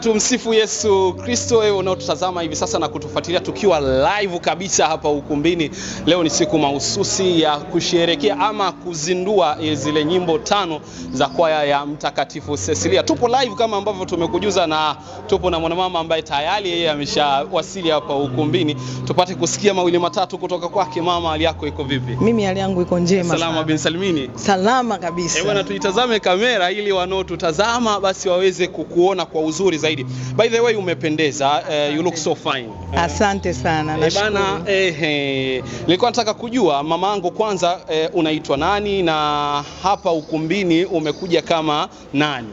Tumsifu Yesu Kristo. Wewe unaotutazama hivi sasa na kutufuatilia tukiwa live kabisa hapa ukumbini, leo ni siku mahususi ya kusherehekea ama kuzindua zile nyimbo tano za kwaya ya Mtakatifu Cecilia. Tupo live kama ambavyo tumekujuza, na tupo na mwanamama ambaye tayari yeye ameshawasili hapa ukumbini, tupate kusikia mawili matatu kutoka kwake. Mama, hali yako iko vipi? Mimi hali yangu iko njema. Salama bin salimini. Salama kabisa. Eh, bwana, tuitazame kamera ili wanaotutazama basi waweze kukuona kwa uzuri zaidi. By the way, umependeza. Uh, you look so fine. Uh, asante sana. Eh, na bana, eh, eh, nilikuwa nataka kujua mamangu kwanza, eh, unaitwa nani na hapa ukumbini umekuja kama nani?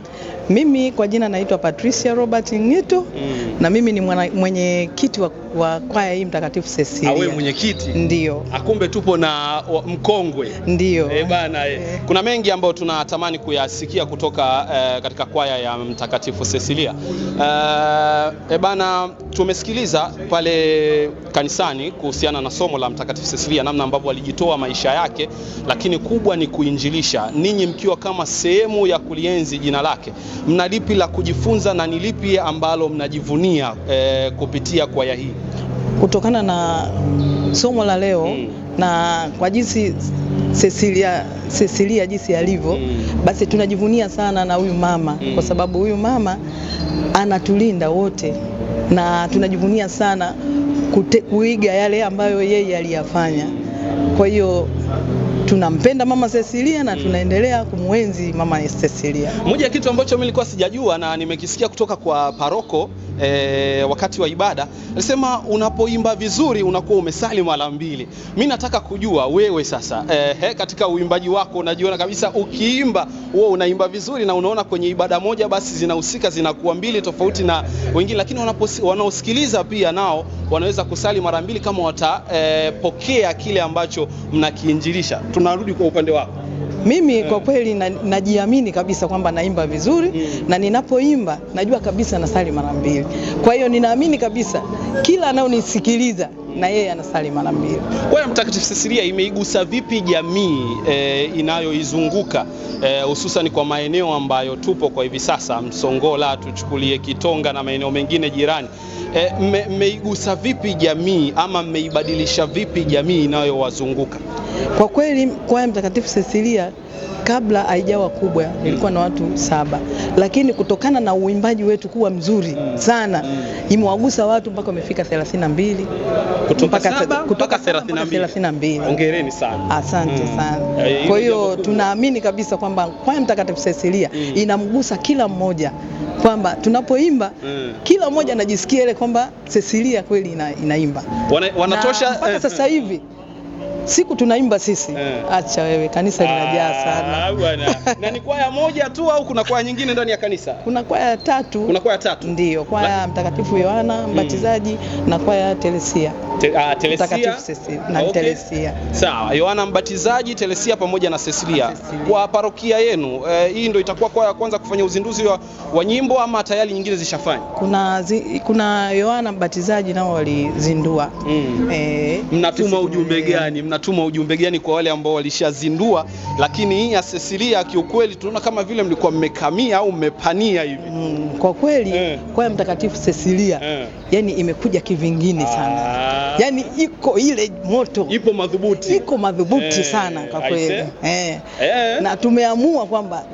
Mimi kwa jina naitwa Patricia Robert Ngitu mm. na mimi ni mwenyekiti wa wa kwaya hii Mtakatifu Cecilia. Awe mwenyekiti ndio, akumbe tupo na mkongwe ndio. Eh, bana e. Kuna mengi ambayo tunatamani kuyasikia kutoka e, katika kwaya ya Mtakatifu Cecilia Eh, bana, tumesikiliza pale kanisani kuhusiana na somo la Mtakatifu Cecilia, namna ambavyo alijitoa maisha yake, lakini kubwa ni kuinjilisha. Ninyi mkiwa kama sehemu ya kulienzi jina lake, mna lipi la kujifunza na ni lipi ambalo mnajivunia eh, kupitia kwaya hii? kutokana na somo la leo hmm. na kwa jinsi Cecilia, Cecilia jinsi alivyo hmm. basi tunajivunia sana na huyu mama hmm. kwa sababu huyu mama anatulinda wote na tunajivunia sana kute, kuiga yale ambayo yeye aliyafanya. Kwa hiyo tunampenda mama Cecilia na tunaendelea kumwenzi mama Cecilia. Moja ya kitu ambacho mimi nilikuwa sijajua na nimekisikia kutoka kwa paroko e, wakati wa ibada alisema unapoimba vizuri unakuwa umesali mara mbili. Mimi nataka kujua wewe sasa e, eh, he, katika uimbaji wako unajiona kabisa ukiimba wewe unaimba vizuri na unaona kwenye ibada moja basi zinahusika zinakuwa mbili tofauti na wengine, lakini wanaosikiliza pia nao wanaweza kusali mara mbili kama watapokea eh, e, kile ambacho mnakiinjilisha. Tunarudi kwa upande wako. Mimi eh. kwa kweli na, najiamini kabisa kwamba naimba vizuri mm. na ninapoimba najua kabisa nasali mara mbili. Kwa hiyo ninaamini kabisa kila anayonisikiliza na yeye anasali mara mbili. Bwana Mtakatifu Sisilia, imeigusa vipi jamii e, inayoizunguka eh, hususan e, kwa maeneo ambayo tupo kwa hivi sasa, Msongola tuchukulie, Kitonga na maeneo mengine jirani eh, e, mmeigusa vipi jamii ama mmeibadilisha vipi jamii inayowazunguka? Kwa kweli kwaya Mtakatifu Sisilia kabla haijawa kubwa nilikuwa na watu saba, lakini kutokana na uimbaji wetu kuwa mzuri sana imewagusa watu mpaka wamefika 32 kutoka kutoka 32. Hongereni sana, asante mm. sana. Eh, Kwa hiyo tunaamini kabisa kwamba kwaya Mtakatifu Cecilia mm. inamgusa kila mmoja kwamba tunapoimba mm. kila mmoja anajisikia ile kwamba Cecilia kweli ina, inaimba wanatosha, wana mpaka eh, sasa hivi siku tunaimba sisi eh. Acha wewe, kanisa ah, linajaa sana ah, bwana. Na ni kwaya moja tu au kuna kwaya nyingine ndani ya kanisa? Kuna kwaya tatu. Kuna kwaya tatu, ndio kwaya La... Mtakatifu Yohana hmm. Mbatizaji hmm. na kwaya Telesia Te, ah, Mtakatifu na okay. sawa, Yohana Mbatizaji, Telesia pamoja na Cecilia. Kwa parokia yenu eh, hii ndio itakuwa kwaya ya kwanza kufanya uzinduzi wa, wa nyimbo ama tayari nyingine zishafanya? Kuna, zi, kuna Yohana Mbatizaji nao walizindua mm. eh, mnatuma ujumbe gani? mnatuma ujumbe gani kwa wale ambao walishazindua, lakini hii ya Cecilia kiukweli tunaona kama vile mlikuwa mmekamia au mmepania hivi. Mm, kwa kweli eh, kwaya mtakatifu Cecilia eh, yani imekuja kivingine sana ah, yani iko ile moto ipo madhubuti, iko madhubuti eh, sana kwa kweli eh, eh, na tumeamua kwamba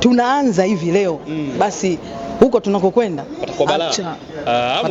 tunaanza hivi leo mm, basi huko tunakokwenda ah,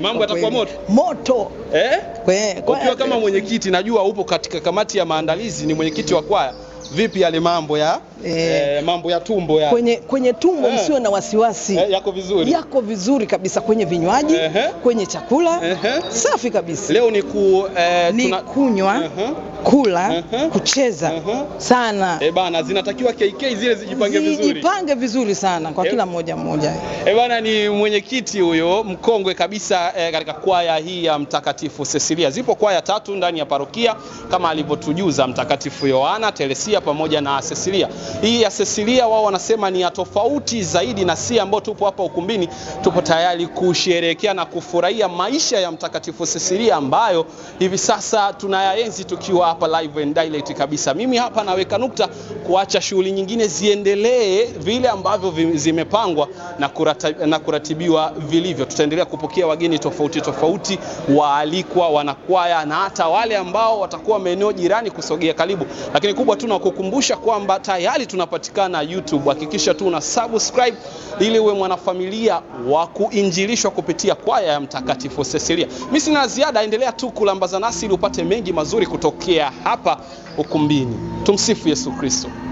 mambo yatakuwa moto moto eh? Kwe, kwe, ukiwa kama mwenyekiti najua upo katika kamati ya maandalizi, ni mwenyekiti wa kwaya, vipi yale mambo ya Eh, eh, mambo ya tumbo ya. Kwenye, kwenye tumbo eh, msiwe na wasiwasi eh, yako vizuri, yako vizuri kabisa kwenye vinywaji eh, kwenye chakula eh, safi kabisa. Leo ni ku eh, ni tuna... kunywa eh, kula eh, kucheza eh, sana eh bana, zinatakiwa KK zile zijipange vizuri, zijipange vizuri sana kwa eh, kila mmoja mmoja eh bana. Ni mwenyekiti huyo mkongwe kabisa eh, katika kwaya hii ya Mtakatifu Cecilia. Zipo kwaya tatu ndani ya parokia kama alivyotujuza Mtakatifu Yohana, Teresia pamoja na Cecilia hii ya Cecilia, wao wanasema ni ya tofauti zaidi, na si ambao tupo hapa ukumbini. Tupo tayari kusherehekea na kufurahia maisha ya Mtakatifu Cecilia ambayo hivi sasa tunayaenzi tukiwa hapa live and direct kabisa. Mimi hapa naweka nukta, kuacha shughuli nyingine ziendelee vile ambavyo zimepangwa na, kurata, na kuratibiwa vilivyo. Tutaendelea kupokea wageni tofauti tofauti, waalikwa, wanakwaya na hata wale ambao watakuwa maeneo jirani kusogea karibu, lakini kubwa tu na kukumbusha kwamba tayari mbalimbali tunapatikana YouTube. Hakikisha tu una subscribe ili uwe mwanafamilia wa kuinjilishwa kupitia kwaya ya Mtakatifu Cecilia. Mimi sina ziada, endelea tu kulambaza nasi ili upate mengi mazuri kutokea hapa ukumbini. Tumsifu Yesu Kristo.